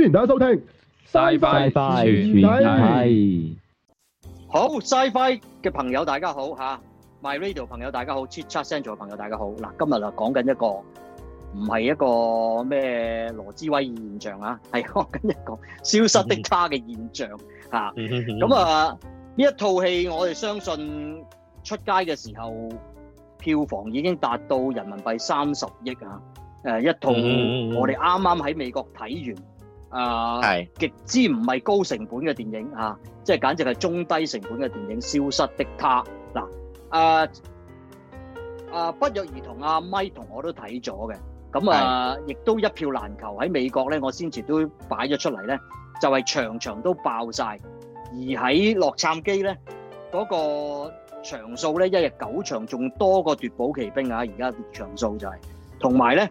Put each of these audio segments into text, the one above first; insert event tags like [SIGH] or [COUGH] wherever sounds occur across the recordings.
歡迎大家收聽，SciFi 全面睇，好，SciFi 嘅朋友大家好吓，MyRadio 朋友大家好，Chit Chat Central 嘅朋友大家好。嗱，今日就講緊一個唔係一個咩羅茲威現象啊，係講緊一個消失的她嘅現象啊。咁 [LAUGHS] 啊，呢一套戲我哋相信出街嘅時候票房已經達到人民幣三十億啊。誒，一套我哋啱啱喺美國睇完。啊，係極之唔係高成本嘅電影嚇，即係簡直係中低成本嘅電影。消失的他，嗱，消失的她，啊啊不約而同，阿咪同我都睇咗嘅，咁啊亦都一票難求喺美國咧。我先前都擺咗出嚟咧，就係場場都爆曬，而喺洛杉磯咧嗰個場數咧一日九場仲多過奪寶奇兵啊！而家場數就係同埋咧。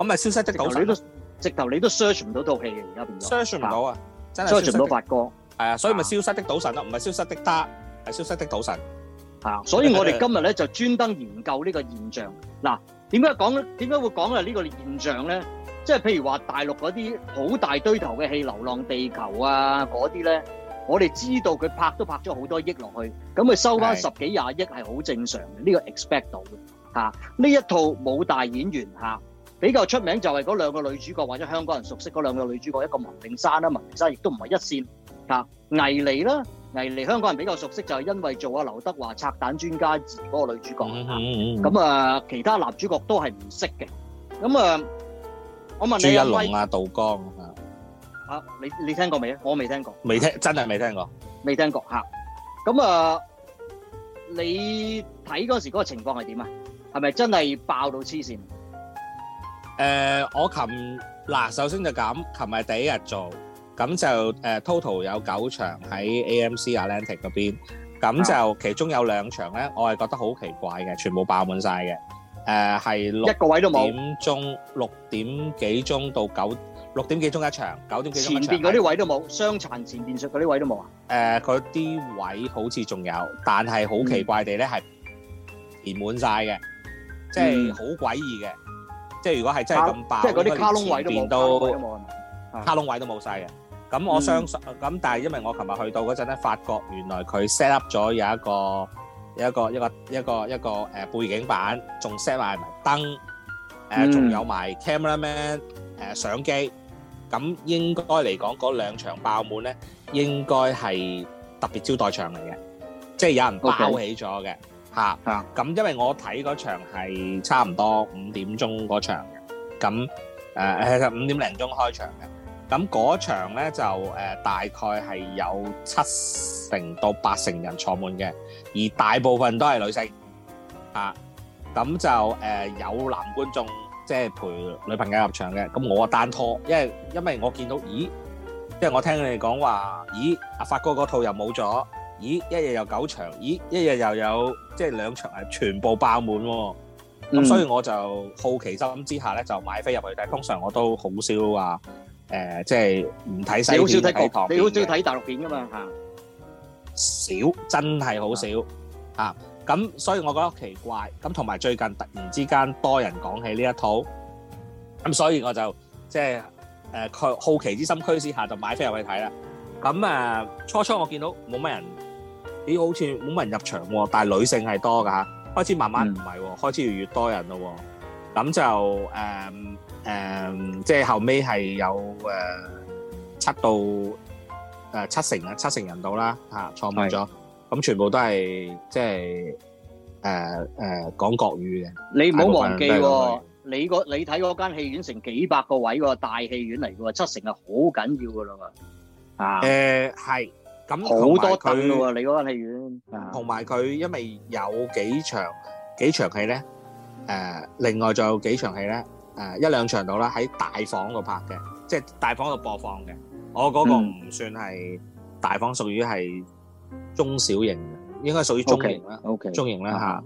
咁咪消失的賭神都，直頭你都 search 唔到套戲嘅，而家變咗。search 唔到啊，search 唔到，發哥。係啊，所以咪消失的賭神咯，唔係消失的她，係消失的賭神。吓，所以我哋今日咧就專登研究呢個現象。嗱，點解講？點解會講係呢個現象咧？即係譬如話大陸嗰啲好大堆頭嘅戲，流浪地球啊嗰啲咧，我哋知道佢拍都拍咗好多億落去，咁佢收翻十幾廿億係好正常嘅，呢個 expect 到嘅。吓，呢一套冇大演員吓。比較出名就係嗰兩個女主角，或者香港人熟悉嗰兩個女主角，一個文詠珊啦，文詠珊亦都唔係一線啊，倪妮啦，倪妮香港人比較熟悉就係因為做阿劉德華拆彈專家嗰個女主角啊，咁啊其他男主角都係唔識嘅，咁啊，我問你啊，朱一龍啊，杜江啊，啊，你你聽過未啊？我未聽過，未聽真係未聽過，未聽過嚇，咁啊，你睇嗰時嗰個情況係點啊？係咪真係爆到黐線？誒，我琴嗱，首先就咁，琴日第一日做，咁就誒 total 有九場喺 AMC Atlantic 嗰邊，咁就其中有兩場咧，我係覺得好奇怪嘅，全部爆滿曬嘅，誒係六一個位都冇點鐘、六點幾鐘到九六點幾鐘一場，九點幾鐘一場，前邊嗰啲位都冇，傷殘前邊上嗰啲位都冇啊？誒，嗰啲位好似仲有，但係好奇怪地咧，係填滿曬嘅，即係好詭異嘅。即係如果係真係咁爆，即係嗰啲卡窿位都冇，卡窿位都冇晒嘅。咁、啊啊啊、我相信，咁、嗯、但係因為我琴日去到嗰陣咧，發覺原來佢 set up 咗有一個、有一個、一個、一個、一個誒背景板，仲 set 埋埋燈，誒、啊、仲、嗯、有埋 cameraman 誒、啊、相機。咁應該嚟講，嗰兩場爆滿咧，應該係特別招待場嚟嘅，即係有人爆起咗嘅。Okay. 咁、啊、因為我睇嗰場係差唔多五點鐘嗰場嘅，咁誒其實五點零鐘開場嘅，咁嗰場咧就誒、呃、大概係有七成到八成人坐滿嘅，而大部分都係女性。咁、啊、就誒、呃、有男觀眾即係、就是、陪女朋友入場嘅，咁我單拖，因為因為我見到咦，即係我聽你哋講話，咦阿發哥嗰套又冇咗。咦，一日又九場，咦，一日又有即係兩場係全部爆滿，哦，咁、嗯、所以我就好奇心之下咧就買飛入去睇。通常我都好少話、呃、即係唔睇西片睇你好少睇大陸片噶嘛吓，少真係好少咁、啊、所以我覺得奇怪，咁同埋最近突然之間多人講起呢一套，咁所以我就即係佢、呃、好奇之心驅使下就買飛入去睇啦。咁啊，初初我見到冇乜人。咦，好似冇人入場喎，但係女性係多噶嚇，開始慢慢唔係喎，開始越多人咯喎，咁就誒誒，即係後尾係有誒七到誒七成啊，七成人到啦嚇，錯誤咗，咁全部都係即係誒誒講國語嘅。你唔好忘記喎，你個你睇嗰間戲院成幾百個位喎，大戲院嚟嘅喎，七成係好緊要嘅啦嘛啊誒係。咁好多凳嘅喎，你嗰個戲院。同埋佢，因為有幾場幾場戲咧、呃，另外仲有幾場戲咧、呃，一兩場度啦，喺大房度拍嘅，即、就、係、是、大房度播放嘅。我嗰個唔算係、嗯、大房，屬於係中小型嘅，應該屬於中型啦，okay, okay, 中型啦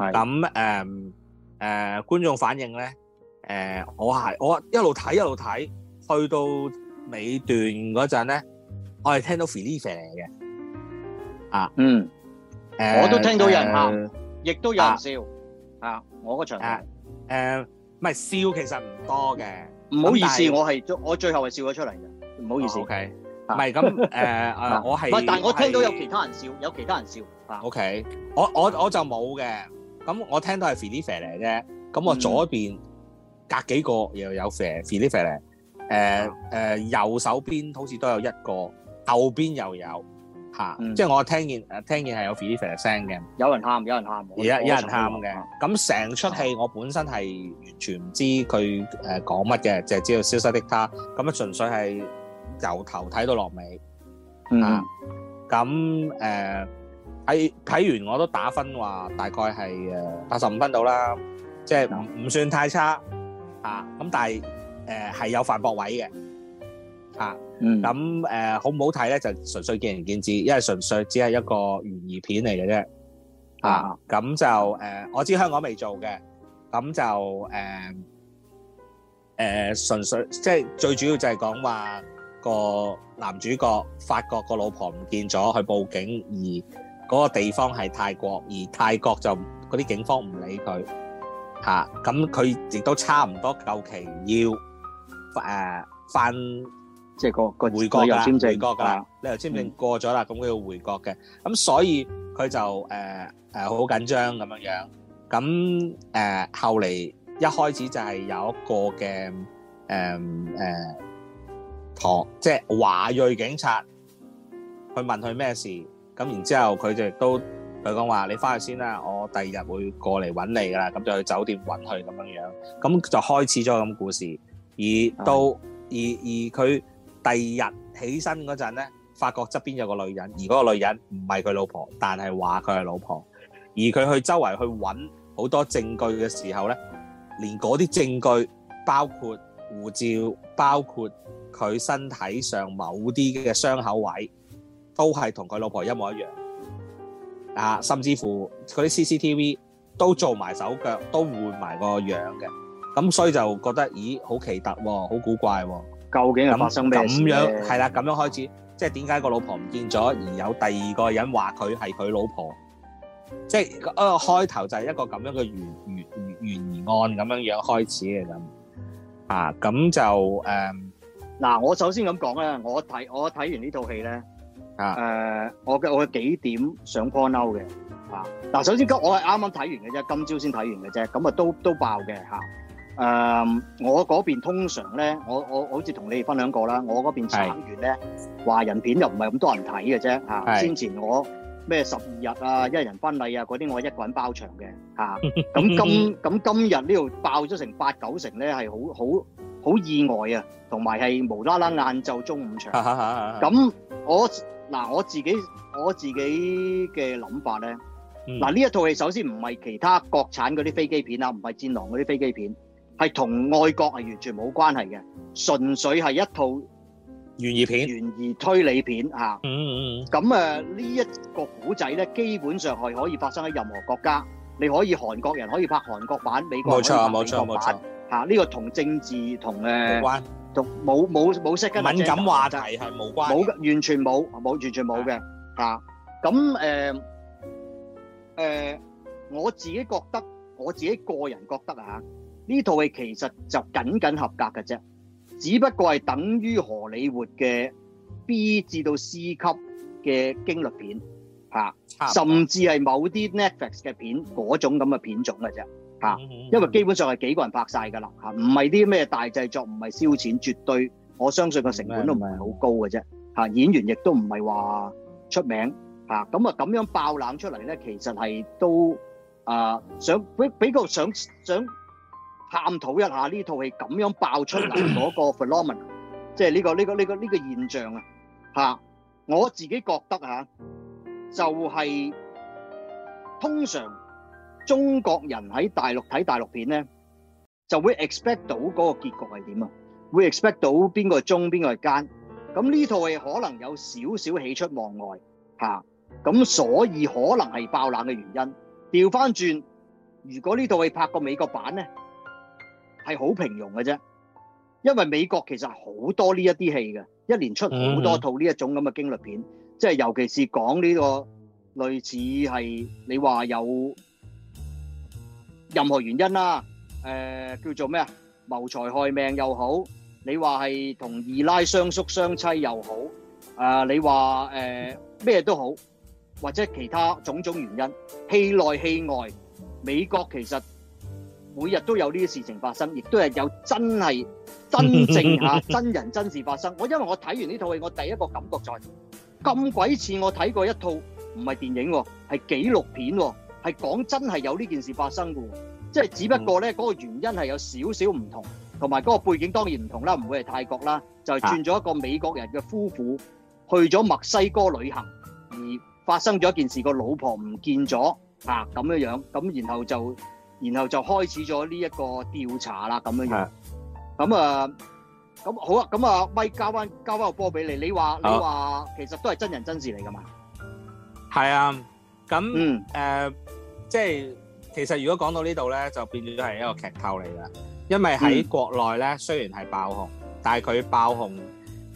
嚇。咁誒誒，觀眾反應咧、呃，我係我一路睇一路睇，去到尾段嗰陣咧。我係聽到 philipper 嚟嘅。啊，嗯啊，我都聽到有人喊，亦都有人笑，啊，我嗰場，誒，唔係笑，啊啊啊啊啊、唔笑其實唔多嘅，唔好意思，我係，我最後係笑咗出嚟嘅，唔好意思、啊、，ok，唔係咁，誒，啊啊、 [LAUGHS] 我係，但係我聽到有其他人笑，啊、有其他人笑，ok，、啊、我我我就冇嘅，咁我聽到係 philipper 嚟啫。咁我左邊、嗯、隔幾個又有 philipper，誒誒，右手邊好似都有一個。後邊又有嚇、嗯，即係我聽見誒聽見係有 v e 聲嘅，有人喊，有人喊，而家有人喊嘅。咁成出戲我本身係完全唔知佢誒講乜嘅，淨係知道消失的她。咁啊，純粹係由頭睇到落尾。嗯，咁誒睇睇完我都打分話，大概係誒八十五分到啦，即係唔唔算太差啊。咁但係誒係有犯駁位嘅。啊，咁誒好唔好睇咧？就純粹見仁見智，因為純粹只係一個懸疑片嚟嘅啫。啊，咁就誒，我知香港未做嘅，咁就誒誒，純粹即係最主要就係講話個男主角發覺個老婆唔見咗，去報警，而嗰個地方係泰國，而泰國就嗰啲警方唔理佢。嚇，咁佢亦都差唔多夠期要誒翻。即、就、係、是那個個回國噶，回國噶啦，你又簽證過咗啦，咁佢要回國嘅，咁所以佢就誒誒好緊張咁樣樣，咁誒、呃、後嚟一開始就係有一個嘅，誒誒，托即係華裔警察去問佢咩事，咁然之後佢就都佢講話你翻去先啦，我第二日會過嚟揾你噶啦，咁就去酒店揾佢咁樣樣，咁就開始咗咁故事，而到而而佢。第二日起身嗰陣咧，發覺側邊有個女人，而嗰個女人唔係佢老婆，但係話佢係老婆。而佢去周圍去揾好多證據嘅時候咧，連嗰啲證據包括護照、包括佢身體上某啲嘅傷口位，都係同佢老婆一模一樣啊！甚至乎嗰啲 CCTV 都做埋手腳，都換埋個樣嘅。咁所以就覺得咦，好奇特喎，好古怪喎。究竟係發生咩事？咁樣係啦，咁樣開始，即係點解個老婆唔見咗，而有第二個人話佢係佢老婆？即係個、呃、開頭就係一個咁樣嘅懸懸懸疑案咁樣樣開始嘅咁啊，咁就誒嗱、嗯啊，我首先咁講咧，我睇我睇完戲呢套戲咧啊，誒、呃，我嘅我嘅幾點上 point out 嘅嗱、啊，首先今我係啱啱睇完嘅啫，今朝先睇完嘅啫，咁啊都都爆嘅吓。啊誒，我嗰邊通常咧，我我好似同你哋分享過啦，我嗰邊產完咧華人片又唔係咁多人睇嘅啫嚇。先前我咩十二日啊，一人婚禮啊嗰啲，我一個人包場嘅嚇。咁今咁今日呢度爆咗成八九成咧，係好好好意外啊！同埋係無啦啦晏晝中午場。咁我嗱我自己我自己嘅諗法咧，嗱呢一套戲首先唔係其他國產嗰啲飛機片啊，唔係戰狼嗰啲飛機片。係同外國係完全冇關係嘅，純粹係一套懸疑片、懸疑推理片嚇。嗯嗯。咁誒呢一個古仔咧，基本上係可以發生喺任何國家。你可以韓國人可以拍韓國版，美國可以拍美國版嚇。呢個同政治同誒冇關，同冇冇冇涉及敏感話題係冇關，冇完全冇冇完全冇嘅嚇。咁誒誒，我自己覺得，我自己個人覺得啊嚇。呢套係其實就僅僅合格嘅啫，只不過係等於荷里活嘅 B 至到 C 級嘅驚慄片，吓，甚至係某啲 Netflix 嘅片嗰種咁嘅片種嘅啫，吓，因為基本上係幾個人拍晒㗎喇，吓，唔係啲咩大製作，唔係燒錢，絕對我相信個成本都唔係好高嘅啫，吓，演員亦都唔係話出名，吓，咁啊咁樣爆冷出嚟咧，其實係都啊、呃、想比比較想想。探討一下呢套戲咁樣爆出嚟嗰個 phenomenon，即係呢個呢個呢個呢個現象啊嚇。我自己覺得嚇就係通常中國人喺大陸睇大陸片咧，就會 expect 到嗰個結局係點啊，會 expect 到邊個係忠邊個係奸。咁呢套戲可能有少少喜出望外嚇，咁所以可能係爆冷嘅原因。調翻轉，如果呢套戲拍個美國版咧？係好平庸嘅啫，因為美國其實好多呢一啲戲嘅，一年出好多套呢一種咁嘅驚慄片，即係尤其是講呢個類似係你話有任何原因啦，誒叫做咩啊，謀財害命又好，你話係同二奶雙宿雙棲又好，啊你話誒咩都好，或者其他種種原因，戲內戲外，美國其實。每日都有呢啲事情發生，亦都係有真係真正嚇真人真事發生。我因為我睇完呢套戲，我第一個感覺就係咁鬼似我睇過一套，唔係電影，係紀錄片，係講真係有呢件事發生嘅。即係只不過咧，嗰個原因係有少少唔同，同埋嗰個背景當然唔同啦，唔會係泰國啦，就係轉咗一個美國人嘅夫婦去咗墨西哥旅行而發生咗一件事，個老婆唔見咗啊，咁樣樣，咁然後就。然後就開始咗呢一個調查啦，咁樣樣。咁啊，咁好啊，咁啊，咪交翻交翻個波俾你。你話你話，其實都係真人真事嚟㗎嘛？係啊，咁、嗯呃、即係其實如果講到呢度咧，就變咗係一個劇透嚟㗎。因為喺國內咧、嗯，雖然係爆紅，但係佢爆紅、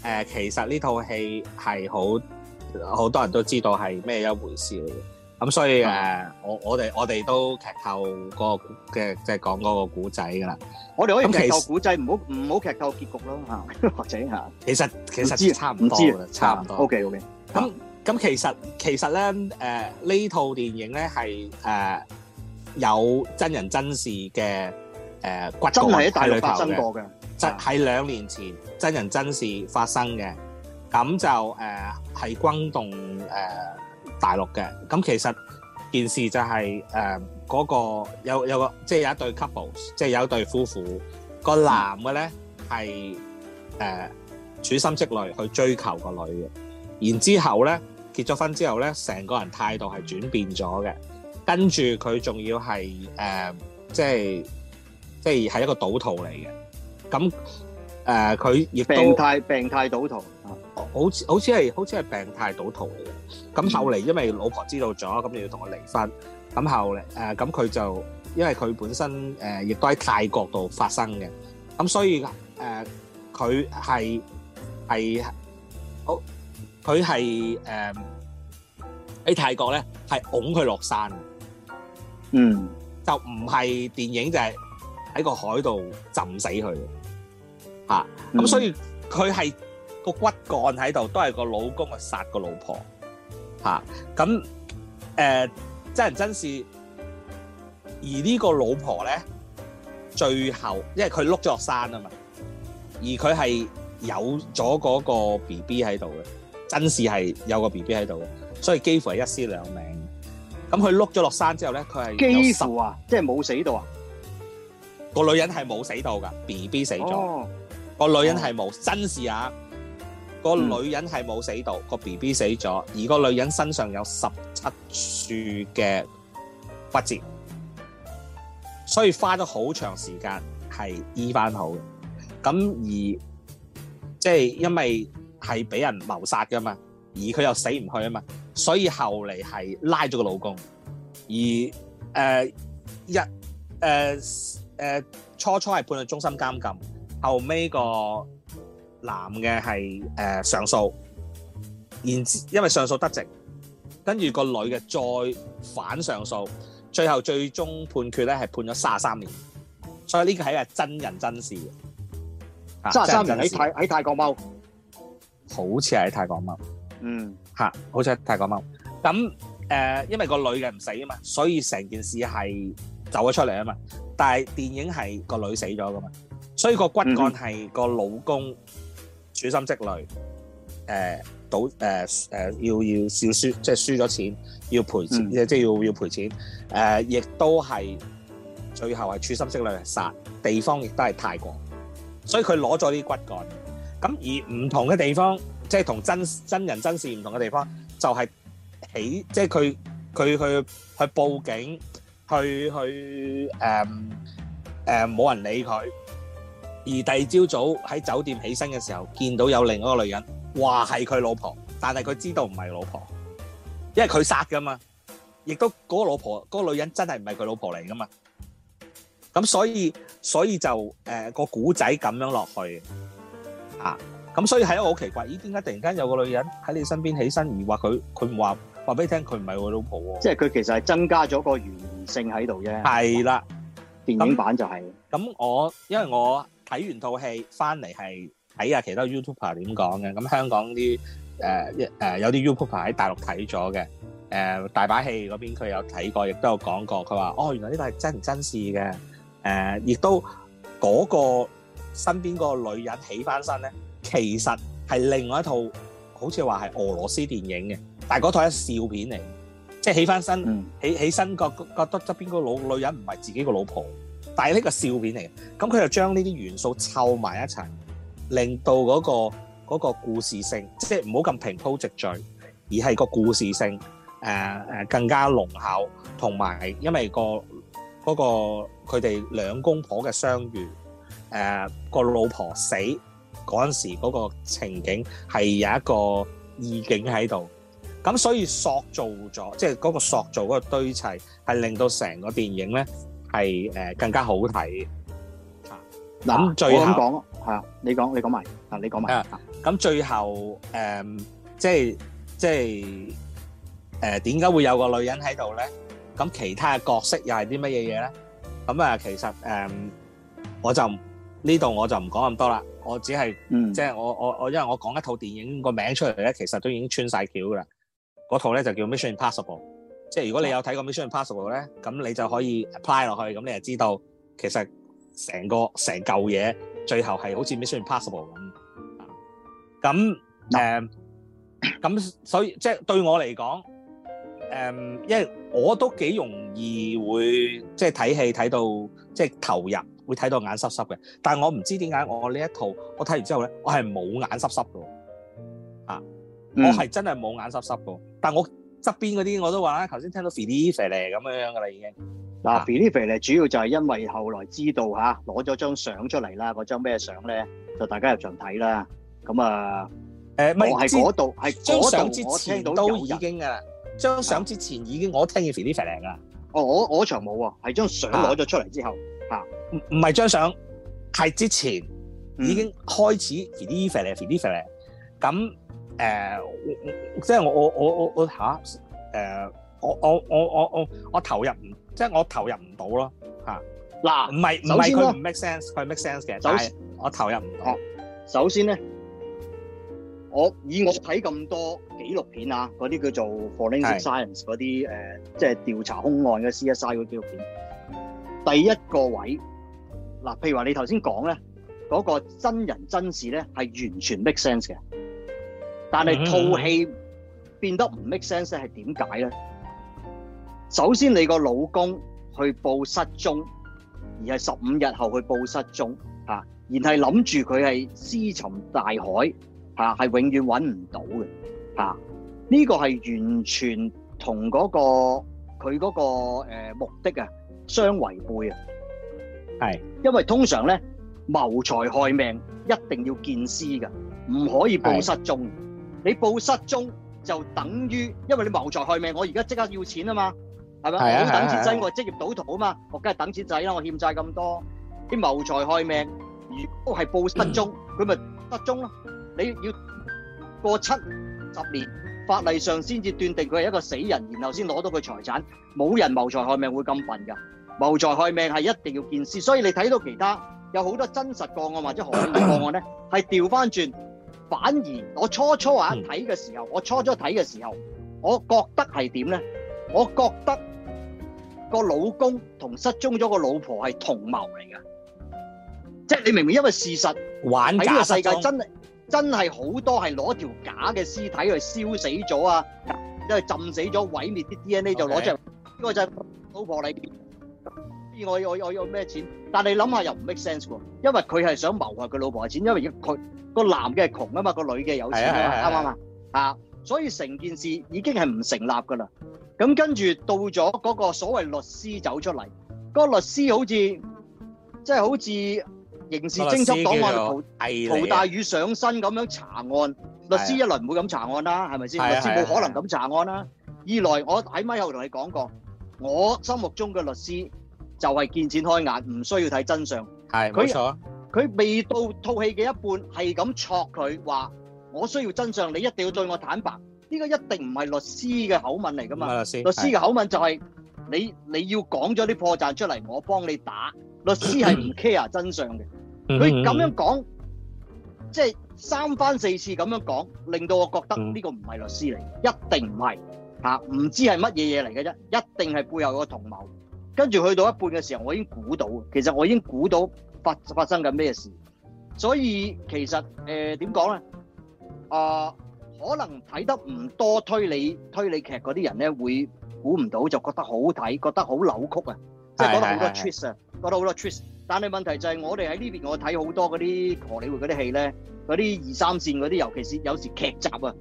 呃、其實呢套戲係好好多人都知道係咩一回事嚟嘅。咁所以誒、嗯，我我哋我哋都劇透嗰、那個嘅即係講嗰個故仔噶啦。我哋可以劇透古仔，唔好唔好劇透結局咯。 [LAUGHS] 或者嚇，其實其實唔知差唔多，多，差唔多。OK，OK。咁咁其實其實咧誒呢、呃、這套電影咧係誒有真人真事嘅誒骨。真係喺大陸發生過嘅。就喺、是、兩年前真人真事發生嘅，咁就誒係轟動誒。呃大陸嘅。咁，其實件事就係誒嗰個有有個即係有一對 couple，即係有一對夫婦，個男嘅咧係誒處心積慮去追求個女嘅，然之後咧結咗婚之後咧，成個人態度係轉變咗嘅。跟住佢仲要係誒即係即係係一個賭徒嚟嘅。咁誒佢亦都病態病態賭徒。好似好似係好似係病態賭徒嚟嘅，咁後嚟因為老婆知道咗，咁就要同佢離婚，咁後嚟誒咁佢就因為佢本身誒亦都喺泰國度發生嘅，咁所以誒佢係係好佢係誒喺泰國咧係擁佢落山，嗯，就唔係電影，就係、係、喺個海度浸死佢嚇，咁、啊、所以佢係。嗯個骨幹喺度，都係個老公啊殺個老婆咁誒、啊呃、真人真事。而呢個老婆咧，最後因為佢碌咗落山啊嘛，而佢係有咗嗰個 B B 喺度嘅，真事係有個 B B 喺度嘅，所以幾乎係一屍兩命。咁佢碌咗落山之後咧，佢係幾乎啊，即係冇死到啊，個女人係冇死到噶，B B 死咗，個、哦、女人係冇、哦、真事啊。個女人係冇死到，嗯，個 B B 死咗，而個女人身上有十七處嘅骨折，所以花咗好長時間係醫翻好嘅。咁而即係因為係俾人謀殺噶嘛，而佢又死唔去啊嘛，所以後嚟係拉咗個老公。而誒、呃、一誒誒、呃呃呃，初初係判去終身監禁，後尾個。男嘅係誒上訴，然之因為上訴得直，跟住個女嘅再反上訴，最後最終判決咧係判咗三十三年，所以呢個係真人真事嘅。三十三年喺泰喺泰國踎、嗯，好似喺泰國踎，嗯好似喺泰國踎。咁、呃、因為個女嘅唔死啊嘛，所以成件事係走咗出嚟啊嘛。但係電影係個女死咗噶嘛，所以個骨幹係個老公、嗯。處心積慮、呃賭，呃，要要少輸，即係輸咗錢要賠錢，嗯、即係要要賠錢亦、呃、都係最後係處心積慮殺地方，亦都係泰國，所以佢攞咗啲骨幹咁而唔同嘅地方，即係同真真人真事唔同嘅地方，就係、是、起即係佢佢去去報警，去去冇人理佢。而第二朝早喺酒店起身嘅時候，見到有另一個女人，話係佢老婆，但係佢知道唔係老婆，因為佢殺噶嘛，亦都嗰個老婆嗰個女人真係唔係佢老婆嚟噶嘛。咁所以所以就誒個古仔咁樣落去啊。咁所以係一個好奇怪，咦？點解突然間有個女人喺你身邊起身，而話佢佢唔話話俾你聽，佢唔係我老婆喎？即係佢其實係增加咗個懸疑性喺度啫。係啦，電影版就係。咁我因為我。睇完套戲翻嚟，係睇下其他 YouTuber 點講嘅，咁、嗯、香港啲誒誒有啲 YouTuber 喺大陸睇咗嘅，誒、呃、大把戲嗰邊佢有睇過，亦都有講過，佢話哦，原來呢套係真唔真事嘅，誒、呃、亦都嗰、嗰個身邊個女人起翻身咧，其實係另外一套好似話係俄羅斯電影嘅，但係嗰套係笑片嚟，即係起翻身、嗯、起起身覺得覺得側邊個老女人唔係自己個老婆。但係呢個笑片嚟嘅，咁佢就將呢啲元素湊埋一齊，令到嗰個嗰個故事性，即係唔好咁平鋪直敍，而係個故事性誒、呃、更加濃厚，同埋因為個嗰個佢哋兩公婆嘅相遇，誒、呃、個老婆死嗰陣時嗰個情景係有一個意境喺度，咁所以塑造咗，即係嗰個塑造嗰個堆砌，係令到成個電影咧。係誒，更加好睇。諗、啊、最後係啊，你講你講埋啊，你講埋咁最後誒、嗯，即係即係誒，點、呃、解會有個女人喺度咧？咁其他角色又係啲乜嘢嘢咧？咁啊，其實誒、嗯，我就呢度我就唔講咁多啦。我只係即係我我我，因為我講一套電影個名出嚟咧，其實都已經穿晒橋噶啦。嗰套咧就叫 Mission Impossible。即係如果你有睇過《Mission Impossible》咧，咁你就可以 apply 落去，咁你就知道其實成個成嚿嘢最後係好似《Mission Impossible》咁咁咁，所以即係對我嚟講、嗯，因為我都幾容易會即係睇戲睇到即係投入，會睇到眼濕濕嘅。但係我唔知點解我呢一套我睇完之後咧，我係冇眼濕濕㗎，啊，我係真係冇眼濕濕㗎、嗯。但我側邊嗰啲我都話啦，頭先聽到肥膩肥膩咁樣樣噶啦，已經嗱肥膩肥膩咧主要就係因為後來知道吓，攞、啊、咗張相出嚟啦，嗰張咩相咧就大家入場睇啦。咁啊，誒唔係張相之前都已經噶啦，張相之前已經我聽見肥膩肥膩哦我我，我場冇喎，係張相攞咗出嚟之後嚇，唔唔係張相係之前已經開始肥膩肥膩肥膩肥膩咁。啊嗯誒、uh,，即係我我我我我嚇誒，我我我、啊 uh, 我我我，我，我投入唔，即係我投入唔到咯嚇。嗱，唔係唔係佢唔 make sense，佢 make sense 嘅，但係我投入唔到。首先咧，我以我睇咁多紀錄片啊，嗰啲叫做 Forensic Science 嗰啲誒，即係、呃就是、調查兇案嘅 CSI 嗰啲紀錄片，第一個位嗱，譬如話你頭先講咧嗰個真人真事咧，係完全 make sense 嘅。但係套戲變得唔 make sense 係點解咧？首先你個老公去報失蹤，而係十五日後去報失蹤，嚇，然係諗住佢係屍沉大海，嚇，係永遠揾唔到嘅，嚇，呢個係完全同嗰個佢嗰個誒目的啊相違背啊，係，因為通常咧謀財害命一定要見屍嘅，唔可以報失蹤。你報失蹤就等於，因為你謀財害命，我而家即刻要錢啊嘛，係咪？我等錢使我係職業賭徒啊嘛，我梗係等錢使啦，我欠債咁多，你謀財害命，如果係報失蹤，佢咪失蹤咯？你要過七十年法例上先至斷定佢係一個死人，然後先攞到佢財產。冇人謀財害命會咁笨㗎，謀財害命係一定要見屍，所以你睇到其他有好多真實個案或者何等個案咧，係調翻轉。反而我初初啊睇嘅時候，我初初睇嘅時候，我覺得係點咧？我覺得個老公同失蹤咗個老婆係同謀嚟嘅，即係你明唔明，因為事實玩呢個世界真係真係好多係攞條假嘅屍體去燒死咗啊，因為浸死咗，毀滅啲 DNA 就攞出嚟，呢、okay. 個就老婆裏.我我我有咩錢？但你諗下又唔 make sense 喎，因為佢係想謀害佢老婆嘅錢，因為佢個男嘅係窮啊嘛，個女嘅有錢啊嘛，啱嘛？啊，所以成件事已經係唔成立噶啦。咁跟住到咗嗰個所謂律師走出嚟，個律師好似即係好似刑事偵緝檔案陶大宇上身咁樣查案。律師一來唔會咁查案啦，係咪先？律師冇可能咁查案啦。二來我喺咪後同你講過，我心目中嘅律師。就係見錢開眼，唔需要睇真相。係，冇錯。佢未到套戲嘅一半，係咁戳佢話：我需要真相，你一定要對我坦白。呢個一定唔係律師嘅口吻嚟㗎嘛？律師律師嘅口吻就係你你要講咗啲破綻出嚟，我幫你打。律師係唔 care 真相嘅。佢咁樣講，即係三番四次咁樣講，令到我覺得呢個唔係律師嚟，一定唔係吓，唔知係乜嘢嘢嚟嘅啫，一定係背後個同謀。跟住去到一半嘅時候，我已經估到，其實我已經估到發發生緊咩事。所以其實誒點講咧？啊、呃呃，可能睇得唔多推理推理劇嗰啲人咧，會估唔到，就覺得好睇，覺得好扭曲啊，即係覺得好多 twist 啊，覺得好多 twist。但係問題就係我哋喺呢邊，我睇好多嗰啲荷里活嗰啲戲咧，嗰啲二三線嗰啲，尤其是有時劇集啊，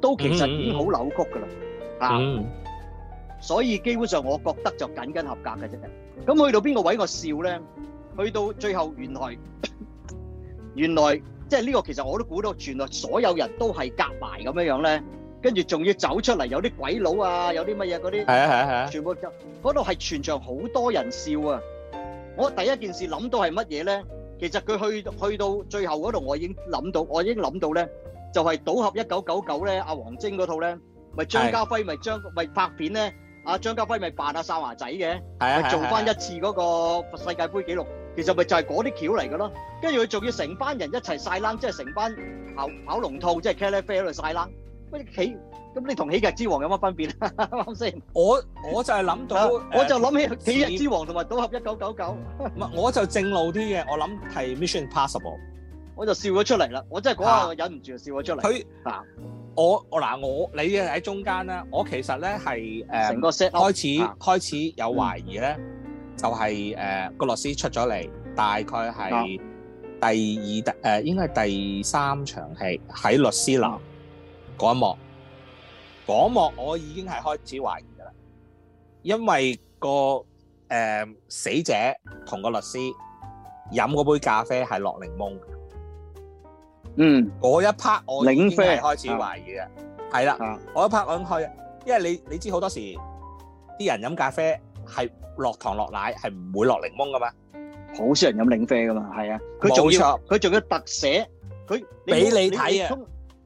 都其實已經好扭曲噶啦，嚇、嗯嗯。啊嗯所以基本上，我覺得就僅僅合格嘅啫。咁去到邊個位我笑咧？去到最後，原來原來即係呢個，其實我都估到，原來所有人都係夾埋咁樣樣咧。跟住仲要走出嚟，有啲鬼佬啊，有啲乜嘢嗰啲，係啊係啊係啊，全部嗰度係全場好多人笑啊！我第一件事諗到係乜嘢咧？其實佢去去到最後嗰度，我已經諗到，我已經諗到咧，就係賭俠一九九九咧，阿王晶嗰套咧，咪張家輝咪張咪拍片咧。阿張家輝咪扮阿曬華仔嘅，咪做翻一次嗰個世界杯紀錄，其實咪就係嗰啲橋嚟嘅咯。跟住佢仲要成班人一齊晒冷，即係成班跑跑龍套，即係茄喱啡喺度晒冷。喂，乜企？咁你同《喜劇之王》有乜分別啊？啱先，我我就係諗到，我就諗 [LAUGHS] 起《喜劇之王》同埋《賭俠一九九九》。唔係，我就正路啲嘅，我諗係 Mission Possible，我就笑咗出嚟啦。我真係嗰下忍唔住就、啊、笑咗出嚟。佢我我嗱我你喺中間啦，我其實咧係誒開始、啊、開始有懷疑咧、嗯，就係誒個律師出咗嚟，大概係第二第誒、啊、應該係第三場戲喺律師樓嗰、嗯、一幕，嗰一幕我已經係開始懷疑噶啦，因為、個誒、呃、死者同個律師飲嗰杯咖啡係落檸檬。嗯，嗰一 part 我已經係開始懷疑啦，係啦，嗰一 part 我已經開啦，因為你你知好多時啲人飲咖啡係落糖落奶係唔會落檸檬噶嘛，好少人飲檸啡噶嘛，係啊，佢仲要佢仲要特寫佢俾你睇啊，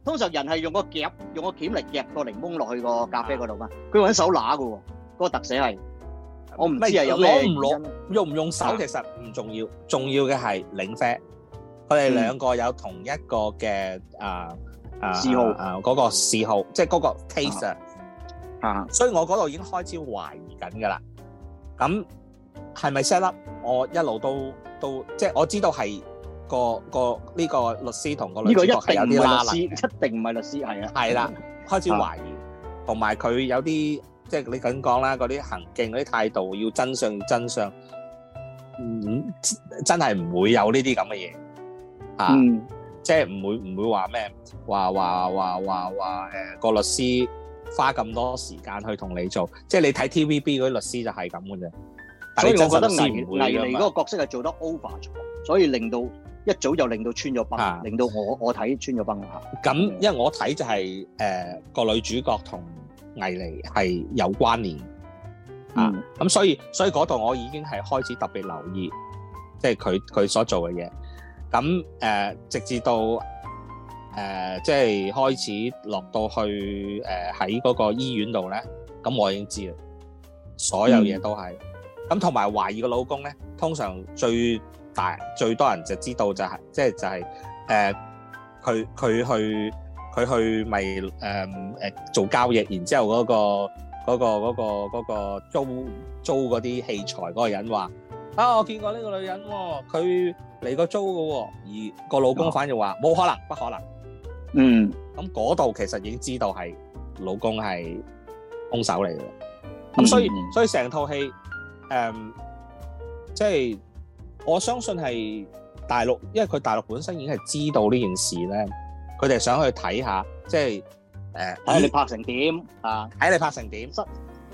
通常人係用個夾用個鉗嚟夾個檸檬落去個咖啡嗰度嘛，佢揾手攞噶喎，嗰個特寫係我唔知啊，有攞唔攞用唔用手其實唔重要，重要嘅係檸啡。佢哋兩個有同一個嘅、嗯、啊啊啊嗰、啊嗰個嗜好，啊、即係嗰個 case 啊。所以我嗰度已經開始懷疑緊㗎啦。咁係咪 set up？我一路都都即係我知道係個個呢、呢個律師同個律師個一定有啲律師，一定唔係律師係啊，係啦，開始懷疑同埋佢有啲即係你咁講啦，嗰啲行徑嗰啲態度要，要真相真相，嗯，真係唔會有呢啲咁嘅嘢。啊！即係唔會唔會話咩？話話話話話誒，個律師花咁多時間去同你做，即係你睇 TVB 嗰啲律師就係咁嘅啫。所以我覺得倪倪妮嗰個角色係做得 over 咗，所以令到一早就令到穿咗崩，令到我我睇穿咗崩。咁因為我睇就係誒個女主角同倪妮係有關聯啊，咁所以所以嗰度我已經係開始特別留意，即係佢佢所做嘅嘢。咁誒、呃，直至到誒、呃，即係開始落到去誒，喺、呃、嗰個醫院度咧，咁我已經知啦。所有嘢都係咁，同埋懷疑個老公咧，通常最大最多人就知道就係、是，即係就係、是、誒，佢佢去佢去咪誒做交易，然之後嗰、那個嗰、那個嗰嗰、那個那個那個、租租嗰啲器材嗰個人話。啊！我見過呢個女人，佢嚟過租嘅，而個老公反而話冇可能，不可能。嗯，咁嗰度其實已經知道係老公係兇手嚟嘅。咁所以、嗯、所以成套戲，誒、嗯，即係我相信係大陸，因為佢大陸本身已經係知道呢件事咧，佢哋想去睇下，即係誒睇你拍成點啊，睇、嗯、你拍成點。啊。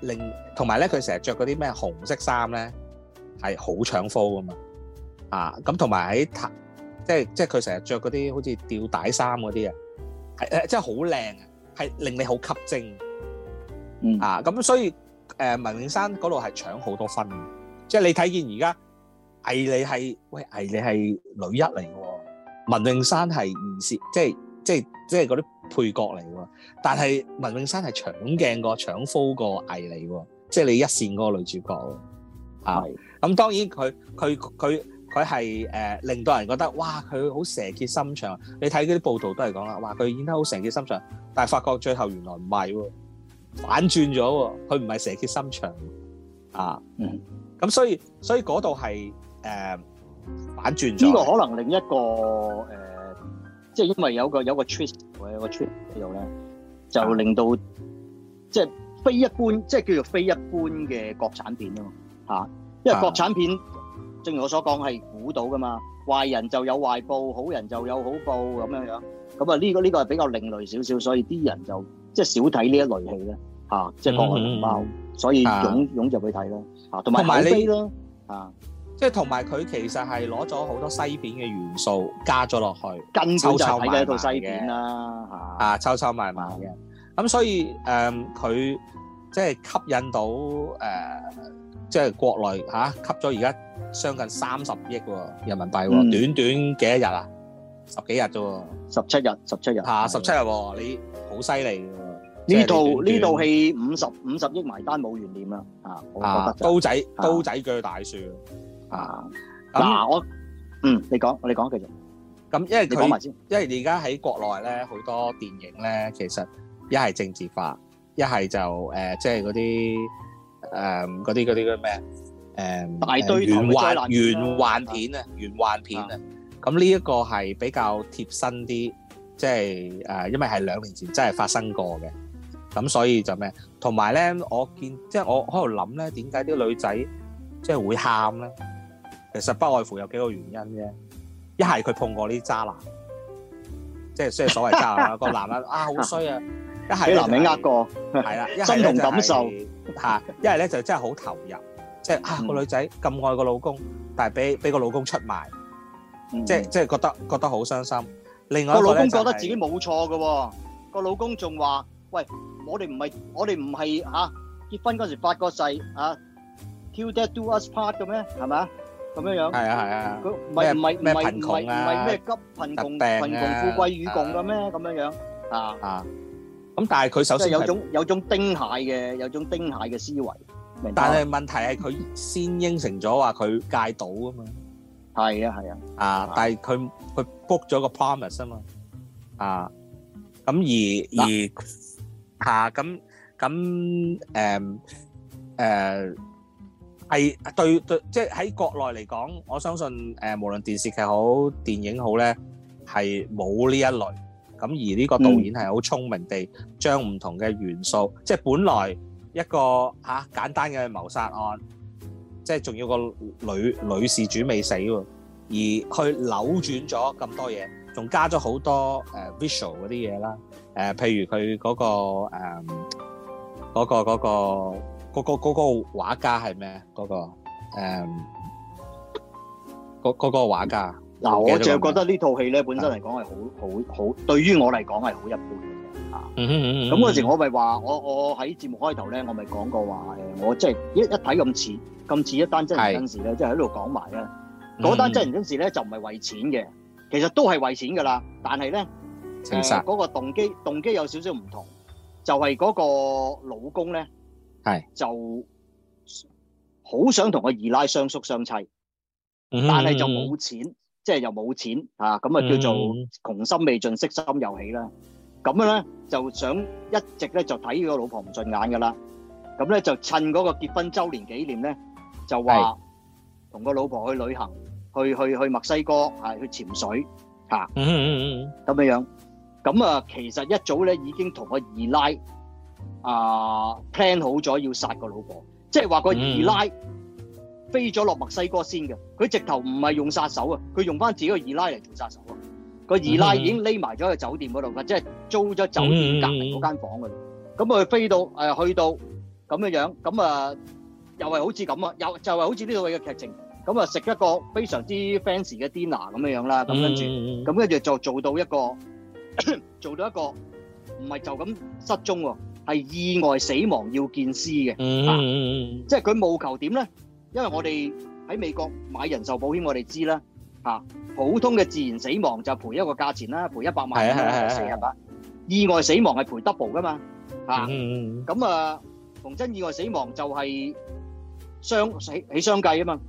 令同埋咧，佢成日著嗰啲咩紅色衫咧，係好搶 focus 嘛啊！咁同埋喺即係即係佢成日著嗰啲好似吊帶衫嗰啲啊，係誒，即係好靚啊，係令你好吸睛啊！咁所以誒，文詠珊嗰度係搶好多分嘅，即係你睇見而家倪妮係喂，倪妮係女一嚟嘅，文詠珊係唔蝕即係即係即係嗰啲。配角嚟喎，但係文詠珊係搶鏡個、搶 focus 個藝嚟喎，即係你一線嗰個女主角啊。咁當然佢佢佢佢係誒令到人覺得哇，佢好蛇蠍心腸。你睇嗰啲報道都係講啦，話佢演得好蛇蠍心腸，但係發覺最後原來唔係，反轉咗，佢唔係蛇蠍心腸啊。嗯，咁所以所以嗰度係誒反轉咗。呢個可能另一個誒。即係因為有個有個 twist 喎，有個 twist 喺度咧，就令到即係、就是、非一般，即、就、係、是、叫做非一般嘅國產片咯嚇。因為國產片正如我所講係估到噶嘛，壞人就有壞報，好人就有好報咁樣樣。咁啊呢個呢個係比較另類少少，所以啲人就即係少睇呢一類戲咧嚇，即係國產包，所以湧湧就去睇啦嚇，同埋買飛咯嚇。即係同埋佢其實係攞咗好多西片嘅元素加咗落去，根本就係睇嘅一套西片啦、啊，啊，抽抽埋埋嘅，咁、啊啊、所以誒，佢即係吸引到誒，即、呃、係、就是、國內嚇、啊、吸咗而家相近三十億喎人民幣，嗯、短短幾多日啊，十幾日啫，十七日，十七日，十、啊、七日，日、啊、你好犀利喎！呢套呢、就是、套戲五十五十億埋單冇懸念啦，嚇、啊！我覺得，刀仔刀、啊、仔鋸大樹。啊嗱，我嗯，你講你講繼續，咁因為你講埋先，因為而家喺國內咧好多電影咧其實一係政治化，一係就誒即係嗰啲誒嗰啲嗰啲嗰啲咩誒大堆幻玄幻片啊玄幻片啊，咁呢一個係比較貼身啲即係誒因為係兩年前真係發生過嘅，咁所以就咩，同埋咧我見即係我喺度諗咧點解啲女仔即係會喊咧？其實不外乎有幾個原因啫，一係佢碰過啲渣男，即係即係所謂渣男個男啊啊好衰啊，一係俾男人呃過係啦，心同感受吓，一係咧就真係好投入，即係啊個女仔咁愛個老公，但係俾俾個老公出賣，即係即係覺得覺得好傷心。另外個老公覺得自己冇錯噶，個老公仲話：喂，我哋唔係我哋唔係吓結婚嗰時發過誓啊，till death do us part 嘅咩？係咪？咁樣樣係啊係啊，佢唔係唔係唔係唔係唔係咩急貧窮貧窮富貴與共嘅咩？咁樣樣啊啊！咁但係佢首先即係有種有種丁蟹嘅有種丁蟹嘅思維，但係問題係佢先應承咗話佢戒賭啊嘛，係啊係啊啊！但係佢佢 book 咗個 promise 啊嘛啊！咁而而吓咁咁誒誒。係，對對，即係喺國內嚟講，我相信誒，無論電視劇好，電影好咧，係冇呢一類。咁而呢個導演係好聰明地將唔同嘅元素，即係本來一個嚇簡單嘅謀殺案，即係仲要個女女事主未死喎，而佢扭轉咗咁多嘢，仲加咗好多誒 visual 嗰啲嘢啦。誒，譬如佢嗰個誒嗰個嗰個。嗰個嗰個畫家係咩？嗰個誒，嗰嗰個畫家。嗱，我就覺得呢套戲咧，本身嚟講係好好好，對於我嚟講係好一般嘅。吓，咁嗰時我咪話，我我喺節目開頭咧，我咪講過話，誒，我即係一一睇咁似，咁似一單真人真事咧，即係喺度講埋咧。嗰單真人真事咧就唔係為錢嘅，其實都係為錢噶啦，但係咧，其實嗰個動機動機有少少唔同，就係嗰個老公咧。係就好想同個二奶相宿相棲，但係就冇錢，即係又冇錢啊！咁啊叫做窮心未盡，色心又起啦。咁樣咧就想一直咧就睇個老婆唔順眼噶啦。咁咧就趁嗰個結婚周年紀念咧，就話同個老婆去旅行，去去去墨西哥啊，去潛水吓，咁樣樣。咁啊，其實一早咧已經同個二奶。啊，plan 好咗要殺個老婆，即係話個二奶飛咗落墨西哥先嘅。佢直頭唔係用殺手啊，佢用翻自己個二奶嚟做殺手啊。個二奶已經匿埋咗喺酒店嗰度，即係租咗酒店隔籬嗰間房嘅。咁佢飛到誒去到咁嘅樣，咁啊又係好似咁啊，又就係好似呢度嘅劇情。咁啊食一個非常之 fancy 嘅 dinner 咁嘅樣啦，咁跟住咁跟住就做到一個做到一個唔係就咁失蹤喎。係意外死亡要見屍嘅，即係佢務求點咧？因為我哋喺美國買人壽保險，我哋知啦，吓普通嘅自然死亡就賠一個價錢啦，賠一百萬咁樣，四萬八。意外死亡係賠 double 噶嘛，吓咁啊，逢真意外死亡就係雙起起雙計啊嘛。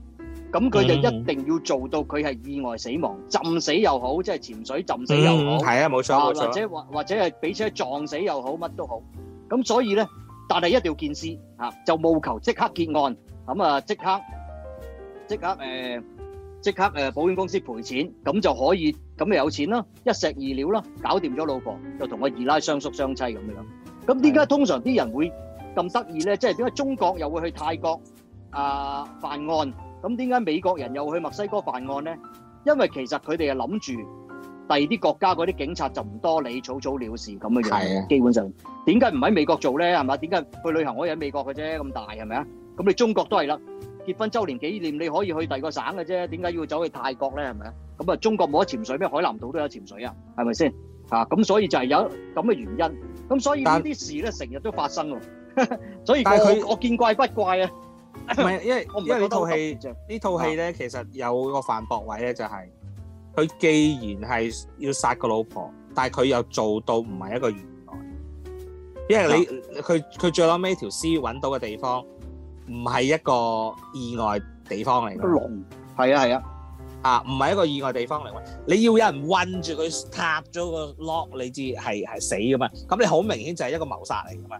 咁佢就一定要做到佢係意外死亡，浸死又好，即係潛水浸死又好，係啊，冇錯冇錯，或者或或者係俾車撞死又好，乜都好。咁所以咧，但係一定要見屍嚇，就務求即刻結案，咁啊即刻即刻誒，即刻誒保險公司賠錢，咁就可以咁就有錢啦，一石二鳥啦，搞掂咗老婆，就同個二奶雙宿雙棲咁樣。咁點解通常啲人會咁得意咧？即係點解中國又會去泰國啊犯案？咁點解美國人又去墨西哥犯案咧？因為其實佢哋係諗住。第二啲國家嗰啲警察就唔多理，草草了事咁嘅樣。係啊，基本上。點解唔喺美國做咧？係咪？點解去旅行可以喺美國嘅啫？咁大係咪啊？咁你中國都係啦。結婚周年紀念你可以去第二個省嘅啫。點解要走去泰國咧？係咪啊？咁啊，中國冇得潛水咩？海南島都有潛水啊，係咪先？嚇！咁所以就係有咁嘅原因。咁所以呢啲事咧，成日都發生喎。所以我我見怪不怪啊。唔係，因為我唔記得嗰套戲呢套戲咧，其實有個犯駁位咧，就係。佢既然係要殺個老婆，但係佢又做到唔係一個意外，因為你佢佢最後尾條屍揾到嘅地方，唔係一個意外地方嚟嘅，落係啊係啊，啊唔係一個意外地方嚟，你要有人困住佢，踏咗個 lock，你至係係死噶嘛，咁你好明顯就係一個謀殺嚟噶嘛，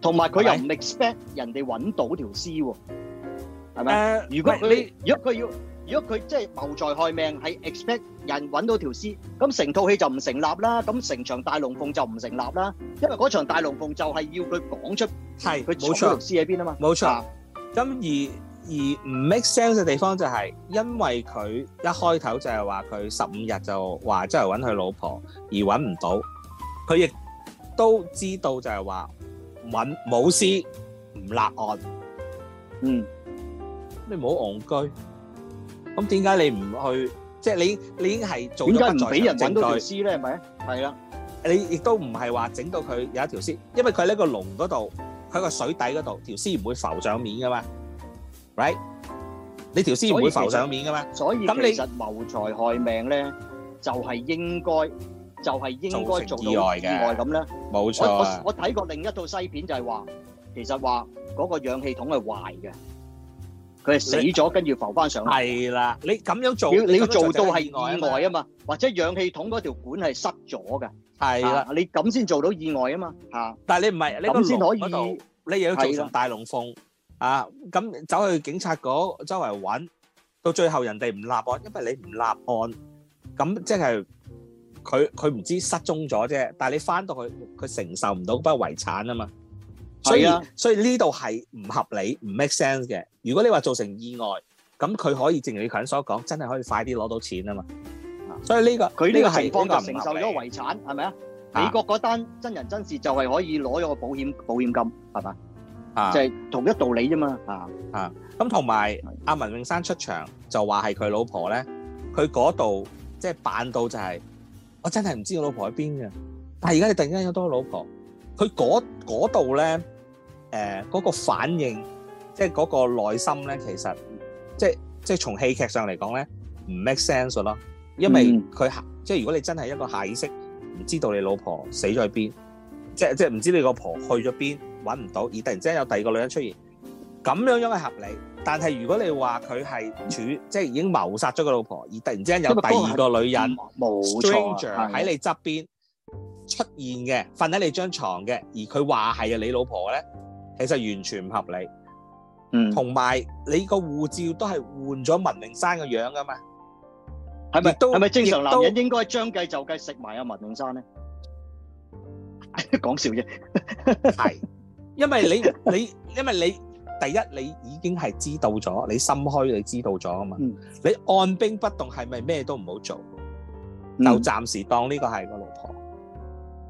同埋佢又唔 expect 人哋揾到條屍，係咪？如果你如果佢要。如果佢即係謀財害命，係 expect 人揾到條屍，咁成套戲就唔成立啦。咁成場大龍鳳就唔成立啦，因為嗰場大龍鳳就係要佢講出係佢冇出條屍喺邊啊嘛，冇錯。咁而而唔 make sense 嘅地方就係，因為佢一開頭就係話佢十五日就話周圍揾佢老婆，而揾唔到，佢亦都知道就係話揾冇屍唔立案。嗯，你唔好戇居。咁點解你唔去？即係你你已經係做咗不。點解唔俾人整到條屍咧？係咪？係啦，你亦都唔係話整到佢有一條屍，因為佢喺個籠嗰度，喺個水底嗰度，條屍唔會浮上面噶嘛，right？你條屍唔會浮上面噶嘛？所以咁你謀財害命咧，就係應該，就係應該做到意外嘅。意外咁咧，冇錯啊！我我睇過另一套西片，就係話其實話嗰個氧氣筒係壞嘅。佢係死咗，跟住浮翻上去。係啦，你咁樣做，你要做到係意外啊嘛，或者氧氣筒嗰條管係塞咗嘅。係啦，你咁先做到意外啊嘛。嚇！但係你唔係，你咁先可以，你又要做成大龍鳳啊？咁走去警察局周圍揾，到最後人哋唔立案，因為你唔立案，咁即係佢佢唔知失蹤咗啫。但係你翻到去，佢承受唔到嗰筆遺產啊嘛。所以所以呢度係唔合理，唔 make sense 嘅。如果你話造成意外，咁佢可以正如你講所講，真係可以快啲攞到錢嘛啊嘛。所以呢個佢呢個係方就承受咗個遺產，係咪啊？美國嗰單真人真事就係可以攞咗個保險保險金，係嘛啊？就係同一道理啫嘛。啊啊，咁同埋阿文詠珊出場就話係佢老婆咧，佢嗰度即係扮到就係我真係唔知佢老婆喺邊嘅，但係而家你突然間有多老婆。佢嗰嗰度咧，誒嗰、呃嗰個反應，即係嗰個內心咧，其實即係即係從戲劇上嚟講咧，唔 make sense 咯，因為佢、嗯、即係如果你真係一個下意識唔知道你老婆死咗喺邊，即係即係唔知你個婆去咗邊，揾唔到，而突然之間有第二個女人出現，咁樣樣係合理。但係如果你話佢係處、嗯、即係已經謀殺咗個老婆，而突然之間有第二個女人，冇、嗯、錯喺、啊、你側邊出現嘅瞓喺你張床嘅，而佢話係啊你老婆咧，其實完全唔合理。嗯，同埋你個護照都係換咗文明山嘅樣噶嘛？係咪都係咪正常男人應該將計就計食埋阿文明山咧？講笑啫，係，因為你你因為你第一你已經係知道咗，你心虛你知道咗啊嘛。嗯，你按兵不動，係咪咩都唔好做？就暫時當呢個係個。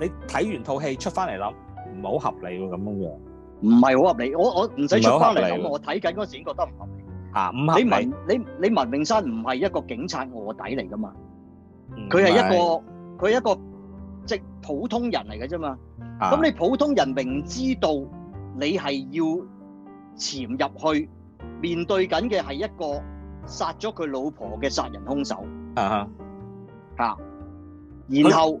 你睇完套戲出翻嚟，諗唔係好合理喎？咁樣樣，唔係好合理。我我唔使出翻嚟諗，我睇緊嗰陣覺得唔合理。嚇，唔合理。你你文詠珊唔係一個警察臥底嚟噶嘛？佢係一個佢係一個即係普通人嚟嘅啫嘛。咁你普通人明知道你係要潛入去面對緊嘅係一個殺咗佢老婆嘅殺人兇手。啊嚇嚇，然後。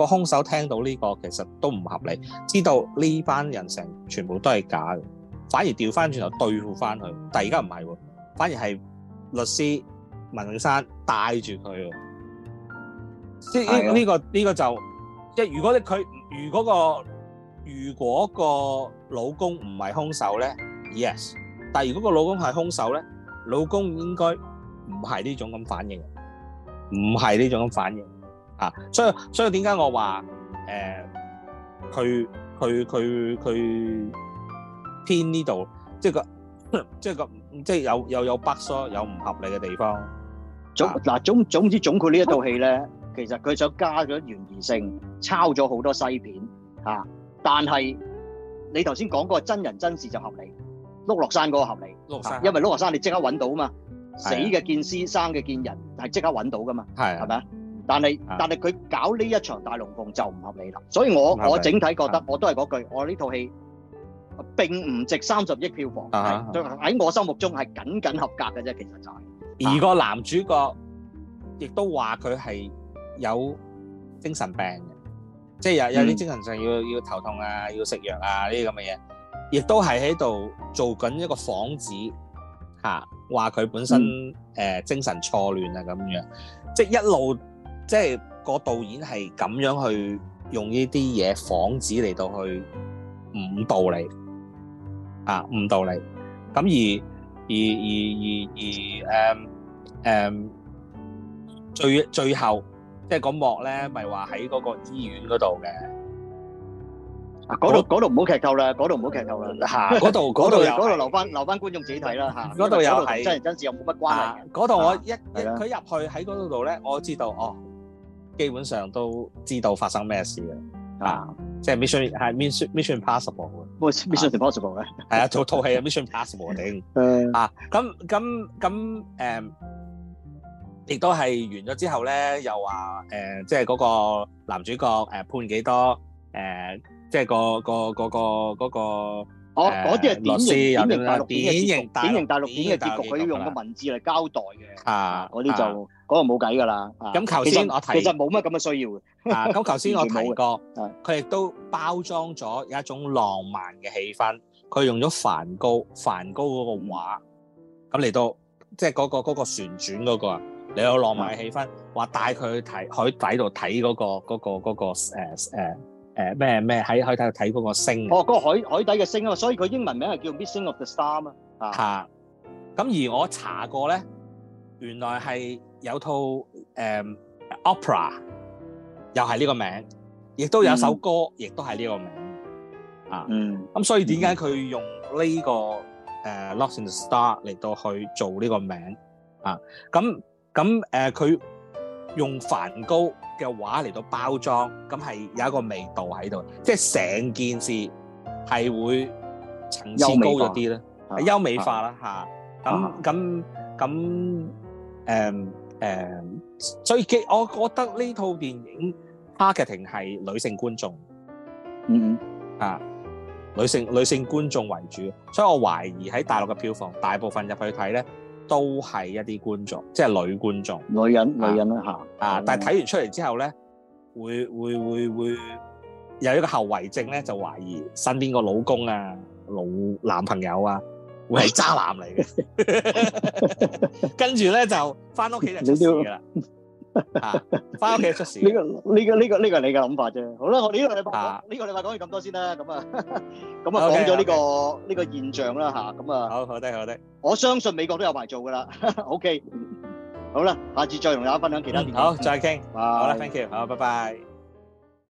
個兇手聽到呢、呢個其實都唔合理，知道呢班人成全部都係假嘅，反而調翻轉頭對付翻佢。但係而家唔係喎，反而係律師文詠珊帶住佢喎。呢呢呢個呢、呢個就即係如果你佢如果、個如果個老公唔係兇手咧，Yes。但係如果個老公係兇手咧，老公應該唔係呢種咁反應，唔係呢種咁反應。啊，所以所以點解我話誒佢佢佢佢偏呢度，即係個即係個即係有又有 bug 有唔合理嘅地方。總嗱總總之總括這一呢一套戲咧， [LAUGHS] 其實佢想加咗懸疑性，抄咗好多西片嚇。但係你頭先講嗰個真人真事就合理，碌落山嗰個合理。碌落山，因為碌落山你即刻揾到嘛，死嘅見屍，生嘅見人，係即刻揾到噶嘛，係咪啊？但係但係佢搞呢一場大龍鳳就唔合理啦，所以我我整體覺得我都係嗰句，我呢套戲並唔值三十億票房，喺我心目中係僅僅合格嘅啫，其實就係。而個男主角亦都話佢係有精神病嘅，即係有有啲精神上要要頭痛啊，要食藥啊呢啲咁嘅嘢，亦都係喺度做緊一個幌子嚇，話佢本身誒精神錯亂啊咁樣，即係一路。即係個導演係咁樣去用呢啲嘢、幌子嚟到去誤導你，啊誤導你，咁而而而而而誒誒最最後即係個幕咧，咪話喺嗰個醫院嗰度嘅啊，嗰度嗰度唔好劇透啦，嗰度唔好劇透啦，吓嗰度嗰度又嗰度留翻留翻觀眾自己睇啦，吓嗰度又係真人真事又冇乜關係，嗰度我一佢入去喺嗰度度咧，我知道哦。基本上都知道發生咩事嘅、啊，啊，即係 mission 係 mission，mission impossible 嘅。咩 mission impossible 咧？係啊，套套戲 mission impossible 定啊？咁咁咁誒，亦、啊 [LAUGHS] 啊嗯、都係完咗之後咧，又話誒，即係嗰個男主角誒判幾多誒？即、呃、係、嗰個、嗰個、嗰個、嗰個嗰個哦，啲、啊、係、呃、典型典型大陸典型大陸片嘅結局，佢要用個文字嚟交代嘅啊！嗰啲就～、啊嗰個冇計㗎啦，咁頭先我提其實冇乜咁嘅需要啊。咁頭先我提過，佢亦都包裝咗有一種浪漫嘅氣氛。佢用咗梵高，梵高嗰個畫，咁嚟到即係嗰個嗰個旋轉嗰個，嚟到浪漫嘅氣氛，話帶佢去睇海底度睇嗰個嗰個嗰個誒誒誒咩咩喺海底度睇嗰個星。哦，嗰個海海底嘅星啊，所以佢英文名係叫《Missing of the Star》啊。嚇！咁而我查過咧，原來係。有套誒、um, opera，又係呢個名，亦都有首歌，亦都係呢個名啊。咁、嗯、所以點解佢用呢、呢個誒、嗯呃《Lost in the Star》嚟到去做呢個名啊？咁咁誒，佢、呃、用梵高嘅畫嚟到包裝，咁係有一個味道喺度，即係成件事係會層次高咗啲咧，優美化啦吓，咁咁咁誒。啊啊誒、嗯，所以我覺得呢套電影 marketing 係女性觀眾，嗯啊，女性女性觀眾為主，所以我懷疑喺大陸嘅票房，大部分入去睇呢，都係一啲觀眾，即係女觀眾，女人女人啦吓啊，啊，啊，但係睇完出嚟之後呢，會會會會有一個後遺症呢，就懷疑身邊個老公啊，老男朋友啊。會係渣男嚟嘅，跟住咧就翻屋企就出事噶啦，啊，翻屋企出事。呢個呢個呢個呢個係你嘅諗法啫。好啦，我呢個禮拜呢個禮拜講完咁多先啦。咁啊，咁啊講咗呢個呢個現象啦嚇。咁啊，好好的好的，我相信美國都有排做噶啦。OK，好啦，下次再同大家分享其他。好，再傾。好啦，thank you，好，拜拜。